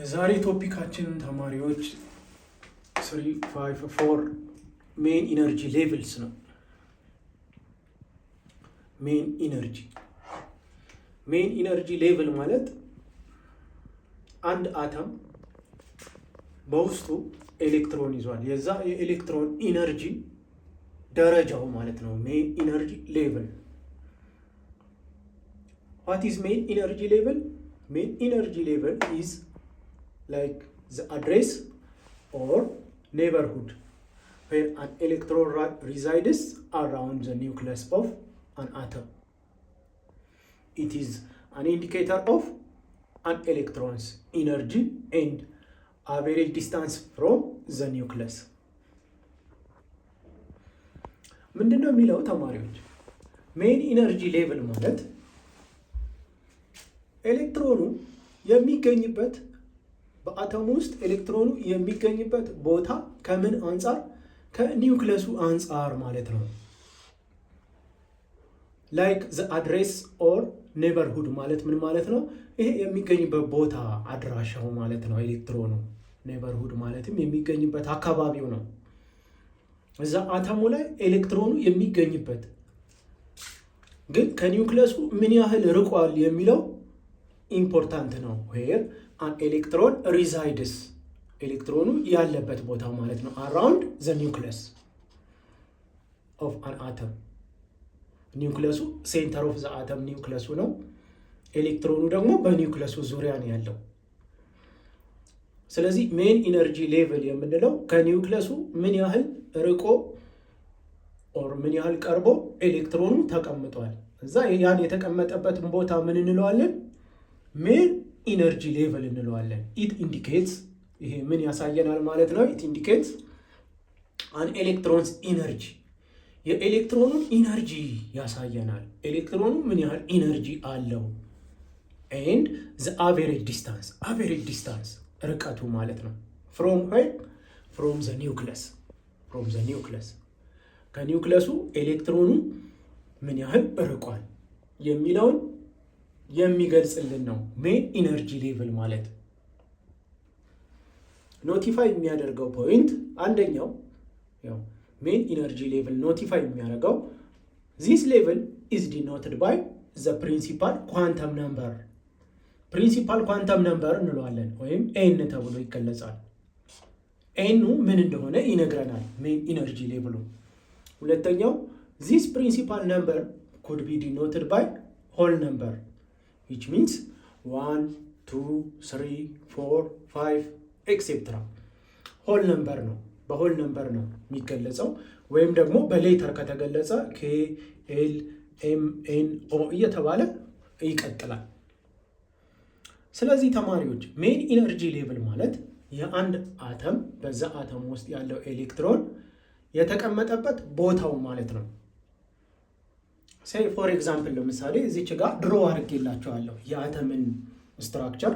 የዛሬ ቶፒካችን ተማሪዎች ስሪ ፋይቭ ፎር ሜን ኢነርጂ ሌቭልስ ነው። ሜን ኢነርጂ ሜን ኢነርጂ ሌቭል ማለት አንድ አተም በውስጡ ኤሌክትሮን ይዟል። የዛ የኤሌክትሮን ኢነርጂ ደረጃው ማለት ነው ሜን ኢነርጂ ሌቭል። ዋት ኢዝ ሜን ኢነርጂ ሌቭል? ሜን ኢነርጂ ሌቭል ኢዝ like the address or neighborhood where an electron resides around the nucleus of an atom. It is an indicator of an electron's energy and average distance from the nucleus. ምንድን ነው የሚለው ተማሪዎች? ሜን ኢነርጂ ሌቭል ማለት ኤሌክትሮኑ የሚገኝበት በአተሙ ውስጥ ኤሌክትሮኑ የሚገኝበት ቦታ ከምን አንጻር? ከኒውክለሱ አንጻር ማለት ነው። ላይክ ዘ አድሬስ ኦር ኔበርሁድ ማለት ምን ማለት ነው? ይሄ የሚገኝበት ቦታ አድራሻው ማለት ነው። ኤሌክትሮኑ ኔበርሁድ ማለትም የሚገኝበት አካባቢው ነው። እዛ አተሙ ላይ ኤሌክትሮኑ የሚገኝበት ግን ከኒውክለሱ ምን ያህል ርቋል የሚለው ኢምፖርታንት ነው ዌር አን ኤሌክትሮን ሪዛይድስ ኤሌክትሮኑ ያለበት ቦታ ማለት ነው። አራውንድ ዘ ኒውክለስ ኦፍ አን አተም ኒውክለሱ ሴንተር ኦፍ ዘ አተም ኒውክለሱ ነው። ኤሌክትሮኑ ደግሞ በኒውክለሱ ዙሪያ ነው ያለው። ስለዚህ ሜን ኢነርጂ ሌቭል የምንለው ከኒውክለሱ ምን ያህል ርቆ ኦር ምን ያህል ቀርቦ ኤሌክትሮኑ ተቀምጧል። እዛ ያን የተቀመጠበትን ቦታ ምን እንለዋለን? ምን ኢነርጂ ሌቨል እንለዋለን። ኢት ኢንዲኬትስ ይሄ ምን ያሳየናል ማለት ነው። ኢት ኢንዲኬትስ አን ኤሌክትሮንስ ኢነርጂ የኤሌክትሮኑን ኢነርጂ ያሳየናል። ኤሌክትሮኑ ምን ያህል ኢነርጂ አለው። ኤንድ ዘ አቬሬጅ ዲስታንስ አቬሬጅ ዲስታንስ ርቀቱ ማለት ነው። ፍሮም ወይ ፍሮም ዘ ኒውክለስ ፍሮም ዘ ኒውክለስ ከኒውክለሱ ኤሌክትሮኑ ምን ያህል ርቋል የሚለውን የሚገልጽልን ነው። ሜን ኢነርጂ ሌቭል ማለት ኖቲፋይ የሚያደርገው ፖይንት አንደኛው ያው ሜን ኢነርጂ ሌቭል ኖቲፋይ የሚያደርገው ዚስ ሌቭል ኢዝ ዲኖትድ ባይ ዘ ፕሪንሲፓል ኳንተም ነምበር ፕሪንሲፓል ኳንተም ነምበር እንለዋለን ወይም ኤን ተብሎ ይገለጻል። ኤኑ ምን እንደሆነ ይነግረናል፣ ሜን ኢነርጂ ሌቭሉ። ሁለተኛው ዚስ ፕሪንሲፓል ነምበር ኩድ ቢ ዲኖትድ ባይ ሆል ነምበር ዊች ሚንስ ዋን ቱ ስሪ ፎር ፋይቭ ኤክሴፕትራ ሆል ነምበር ነው። በሆል ነምበር ነው የሚገለጸው ወይም ደግሞ በሌተር ከተገለጸ ኬ ኤል ኤም ኤን ኦ እየተባለ ይቀጥላል። ስለዚህ ተማሪዎች ሜን ኢነርጂ ሌቭል ማለት የአንድ አተም በዛ አተም ውስጥ ያለው ኤሌክትሮን የተቀመጠበት ቦታው ማለት ነው። ሴይ ፎር ኤግዛምፕል ለምሳሌ እዚች ጋር ድሮ አድርጌላቸዋለሁ የአተምን ስትራክቸር።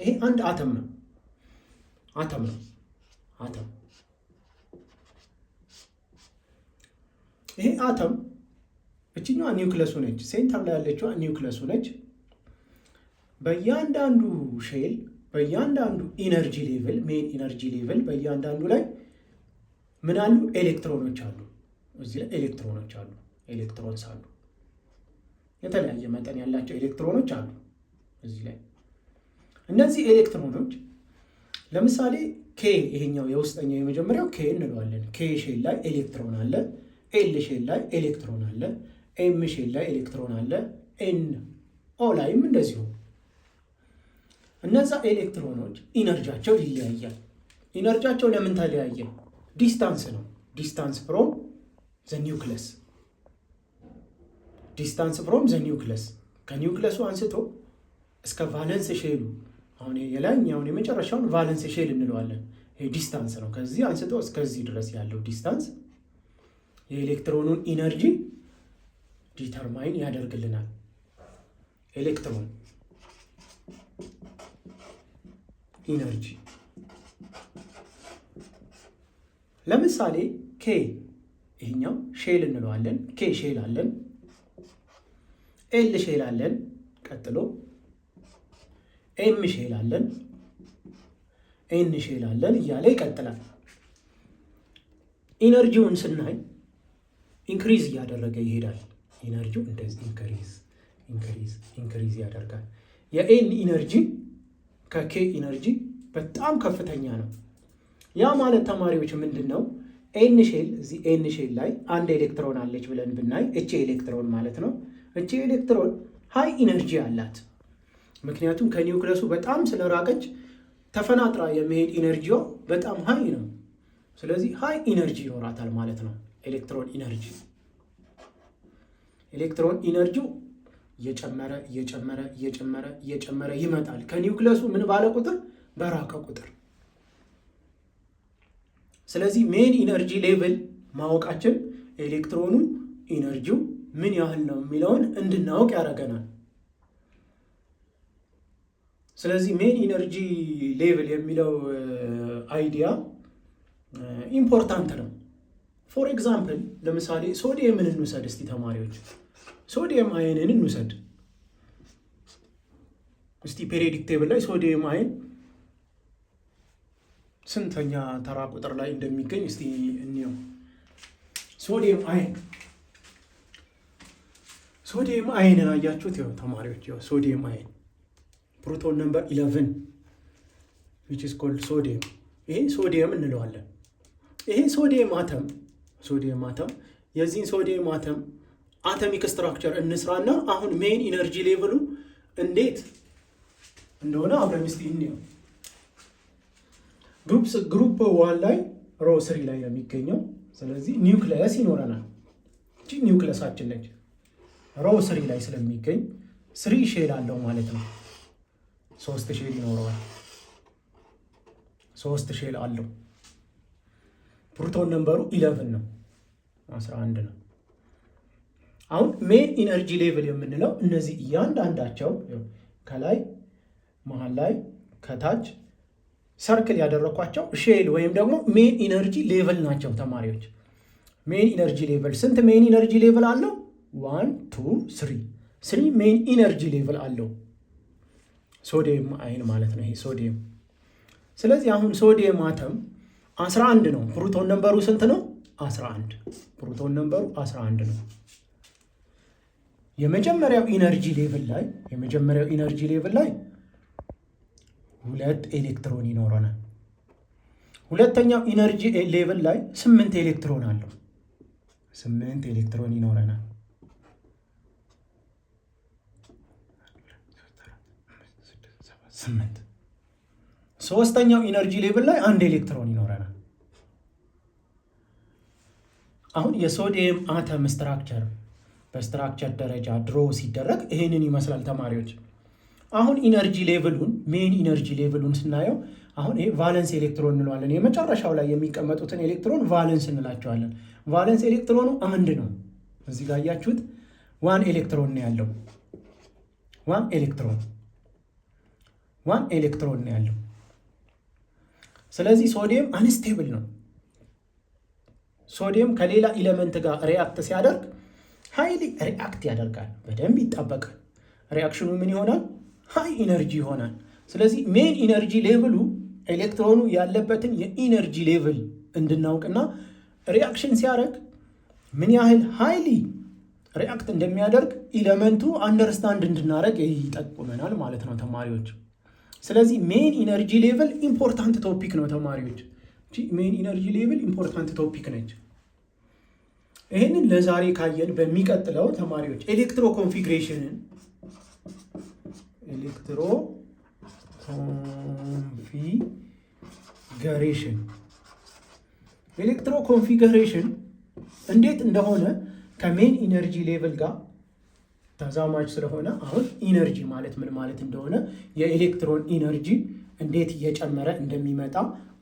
ይሄ አንድ አተም ነው አተም ነው አተም ይሄ አተም እችኛዋ ኒውክለሱ ነች። ሴንተር ላይ ያለችዋ ኒውክለሱ ነች። በእያንዳንዱ ሼል በእያንዳንዱ ኢነርጂ ሌቭል ሜን ኢነርጂ ሌቭል በእያንዳንዱ ላይ ምን አሉ ኤሌክትሮኖች አሉ። እዚህ ላይ ኤሌክትሮኖች አሉ። ኤሌክትሮንስ አሉ። የተለያየ መጠን ያላቸው ኤሌክትሮኖች አሉ እዚህ ላይ። እነዚህ ኤሌክትሮኖች ለምሳሌ ኬ ይሄኛው የውስጠኛው የመጀመሪያው ኬ እንለዋለን። ኬ ሼል ላይ ኤሌክትሮን አለ። ኤል ሼል ላይ ኤሌክትሮን አለ። ኤም ሼል ላይ ኤሌክትሮን አለ። ኤን ኦ ላይም እንደዚሁ። እነዛ ኤሌክትሮኖች ኢነርጃቸው ይለያያል። ኢነርጃቸው ለምን ተለያየ? ዲስታንስ ነው። ዲስታንስ ፍሮም ዘ ኒውክለስ ዲስታንስ ፍሮም ዘ ኒውክለስ ከኒውክለሱ አንስቶ እስከ ቫለንስ ሼሉ አሁን የላይኛውን የመጨረሻውን ቫለንስ ሼል እንለዋለን። ይህ ዲስታንስ ነው። ከዚህ አንስቶ እስከዚህ ድረስ ያለው ዲስታንስ የኤሌክትሮኑን ኢነርጂ ዲተርማይን ያደርግልናል። ኤሌክትሮን ኢነርጂ ለምሳሌ ኬ ይህኛው ሼል እንለዋለን። ኬ ሼል አለን ኤል ሼል አለን ቀጥሎ ኤም ሼላለን ኤን አለን እያለ ይቀጥላል። ኢነርጂውን ስናይ ኢንክሪዝ እያደረገ ይሄዳል። ኢነርጂው እንደዚህ ኢንክሪዝ ኢንክሪዝ ኢንክሪዝ ያደርጋል። የኤን ኢነርጂ ከኬ ኢነርጂ በጣም ከፍተኛ ነው። ያ ማለት ተማሪዎች ምንድን ነው ኤን ሼል እዚህ ኤን ሼል ላይ አንድ ኤሌክትሮን አለች ብለን ብናይ እቺ ኤሌክትሮን ማለት ነው እቺ ኤሌክትሮን ሀይ ኢነርጂ አላት። ምክንያቱም ከኒውክለሱ በጣም ስለራቀች ተፈናጥራ የመሄድ ኢነርጂዋ በጣም ሀይ ነው። ስለዚህ ሀይ ኢነርጂ ይኖራታል ማለት ነው። ኤሌክትሮን ኢነርጂ ኤሌክትሮን ኢነርጂው እየጨመረ እየጨመረ እየጨመረ እየጨመረ ይመጣል ከኒውክለሱ ምን ባለ ቁጥር በራቀ ቁጥር። ስለዚህ ሜን ኢነርጂ ሌቭል ማወቃችን ኤሌክትሮኑ ኢነርጂው ምን ያህል ነው የሚለውን እንድናውቅ ያደርገናል። ስለዚህ ሜን ኢነርጂ ሌቭል የሚለው አይዲያ uh, ኢምፖርታንት uh, ነው። ፎር ኤግዛምፕል ለምሳሌ ሶዲየምን እንውሰድ እስቲ ተማሪዎች፣ ሶዲየም አይንን እንውሰድ እስቲ ፔሪዮዲክ ቴብል ላይ ሶዲየም አይን ስንተኛ ተራ ቁጥር ላይ እንደሚገኝ እስቲ እንየው። ሶዲየም አይን ሶዲየም አይን አያችሁት? ያው ተማሪዎች፣ ያው ሶዲየም አይን ፕሮቶን ነምበር 11 which is called sodium ይሄ ሶዲየም እንለዋለን። ይሄ ሶዲየም አተም ሶዲየም አተም የዚህን ሶዲየም አተም አተሚክ ስትራክቸር እንስራና አሁን ሜን ኢነርጂ ሌቭሉ እንዴት እንደሆነ አብረን እስቲ እንየው። ግሩፕ ዋን ላይ ሮ ስሪ ላይ ነው የሚገኘው። ስለዚህ ኒውክለስ ይኖረናል። ኒውክሊየሳችን ነች። ሮው ስሪ ላይ ስለሚገኝ ስሪ ሼል አለው ማለት ነው። ሶስት ሼል ይኖረዋል። ሶስት ሼል አለው። ፕሮቶን ነንበሩ ኢለቭን ነው፣ አስራ አንድ ነው። አሁን ሜን ኢነርጂ ሌቭል የምንለው እነዚህ እያንዳንዳቸው ከላይ መሀል ላይ ከታች ሰርክል ያደረኳቸው ሼል ወይም ደግሞ ሜን ኢነርጂ ሌቭል ናቸው። ተማሪዎች ሜን ኢነርጂ ሌቭል ስንት ሜን ኢነርጂ ሌቭል አለው? ዋን ቱ ስሪ ስሪ ሜን ኢነርጂ ሌቭል አለው ሶዲየም አይን ማለት ነው ይሄ ሶዲየም ስለዚህ አሁን ሶዲየም አተም 11 ነው ፕሩቶን ነንበሩ ስንት ነው 11 ፕሩቶን ነንበሩ 11 ነው የመጀመሪያው ኢነርጂ ሌቭል ላይ የመጀመሪያው ኢነርጂ ሌቭል ላይ ሁለት ኤሌክትሮን ይኖረናል ሁለተኛው ኢነርጂ ሌቭል ላይ ስምንት ኤሌክትሮን አለው ስምንት ኤሌክትሮን ይኖረናል ስምንት ሶስተኛው ኢነርጂ ሌቭል ላይ አንድ ኤሌክትሮን ይኖረናል። አሁን የሶዲየም አተም ስትራክቸር በስትራክቸር ደረጃ ድሮ ሲደረግ ይሄንን ይመስላል ተማሪዎች። አሁን ኢነርጂ ሌቭሉን ሜን ኢነርጂ ሌቭሉን ስናየው አሁን ይሄ ቫለንስ ኤሌክትሮን እንለዋለን። የመጨረሻው ላይ የሚቀመጡትን ኤሌክትሮን ቫለንስ እንላቸዋለን። ቫለንስ ኤሌክትሮኑ አንድ ነው። እዚህ ጋር ያያችሁት ዋን ኤሌክትሮን ነው ያለው ዋን ኤሌክትሮን ዋን ኤሌክትሮን ነው ያለው። ስለዚህ ሶዲየም አንስቴብል ነው። ሶዲየም ከሌላ ኢለመንት ጋር ሪያክት ሲያደርግ ሀይሊ ሪአክት ያደርጋል። በደንብ ይጣበቃል። ሪያክሽኑ ምን ይሆናል? ሀይ ኢነርጂ ይሆናል። ስለዚህ ሜን ኢነርጂ ሌቭሉ ኤሌክትሮኑ ያለበትን የኢነርጂ ሌቭል እንድናውቅና ሪአክሽን ሲያደርግ ምን ያህል ሀይሊ ሪአክት እንደሚያደርግ ኢለመንቱ አንደርስታንድ እንድናደርግ ይጠቁመናል ማለት ነው ተማሪዎች። ስለዚህ ሜን ኢነርጂ ሌቭል ኢምፖርታንት ቶፒክ ነው ተማሪዎች። ሜን ኢነርጂ ሌቭል ኢምፖርታንት ቶፒክ ነች። ይህንን ለዛሬ ካየን በሚቀጥለው ተማሪዎች ኤሌክትሮ ኮንፊግሬሽንን ኤሌክትሮ ኮንፊገሬሽን ኤሌክትሮ ኮንፊግሬሽን እንዴት እንደሆነ ከሜን ኢነርጂ ሌቭል ጋር ተዛማጅ ስለሆነ አሁን ኢነርጂ ማለት ምን ማለት እንደሆነ የኤሌክትሮን ኢነርጂ እንዴት እየጨመረ እንደሚመጣ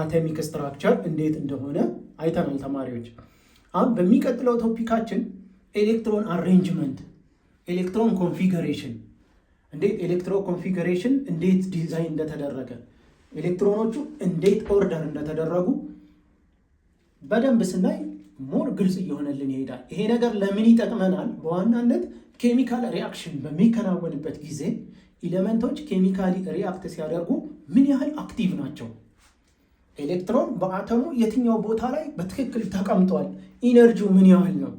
አተሚክ ስትራክቸር እንዴት እንደሆነ አይተናል ተማሪዎች። አሁን በሚቀጥለው ቶፒካችን ኤሌክትሮን አሬንጅመንት፣ ኤሌክትሮን ኮንፊገሬሽን እንዴት ኤሌክትሮ ኮንፊገሬሽን እንዴት ዲዛይን እንደተደረገ ኤሌክትሮኖቹ እንዴት ኦርደር እንደተደረጉ በደንብ ስናይ ሞር ግልጽ እየሆነልን ይሄዳል። ይሄ ነገር ለምን ይጠቅመናል? በዋናነት ኬሚካል ሪአክሽን በሚከናወንበት ጊዜ ኤሌመንቶች ኬሚካሊ ሪያክት ሲያደርጉ ምን ያህል አክቲቭ ናቸው? ኤሌክትሮን በአተሙ የትኛው ቦታ ላይ በትክክል ተቀምጧል? ኢነርጂው ምን ያህል ነው?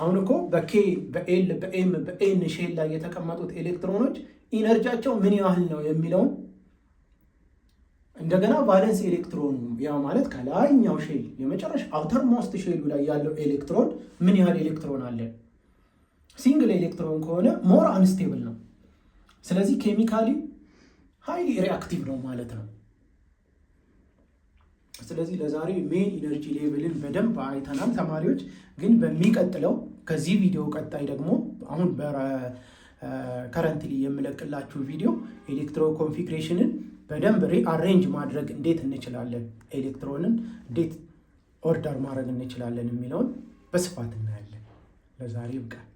አሁን እኮ በኬ በኤል በኤም በኤን ሼል ላይ የተቀመጡት ኤሌክትሮኖች ኢነርጂያቸው ምን ያህል ነው የሚለውም እንደገና ቫለንስ ኤሌክትሮኑ ያ ማለት ከላይኛው ሼል የመጨረሻ አውተርሞስት ሼሉ ላይ ያለው ኤሌክትሮን ምን ያህል ኤሌክትሮን አለን ሲንግል ኤሌክትሮን ከሆነ ሞር አንስቴብል ነው። ስለዚህ ኬሚካሊ ሃይሊ ሪአክቲቭ ነው ማለት ነው። ስለዚህ ለዛሬ ሜን ኢነርጂ ሌቭልን በደንብ አይተናል ተማሪዎች። ግን በሚቀጥለው ከዚህ ቪዲዮ ቀጣይ ደግሞ አሁን ከረንትሊ የምለቅላችሁ ቪዲዮ ኤሌክትሮ ኮንፊግሬሽንን በደንብ ሪአሬንጅ ማድረግ እንዴት እንችላለን፣ ኤሌክትሮንን እንዴት ኦርደር ማድረግ እንችላለን የሚለውን በስፋት እናያለን። ለዛሬ ይብቃል።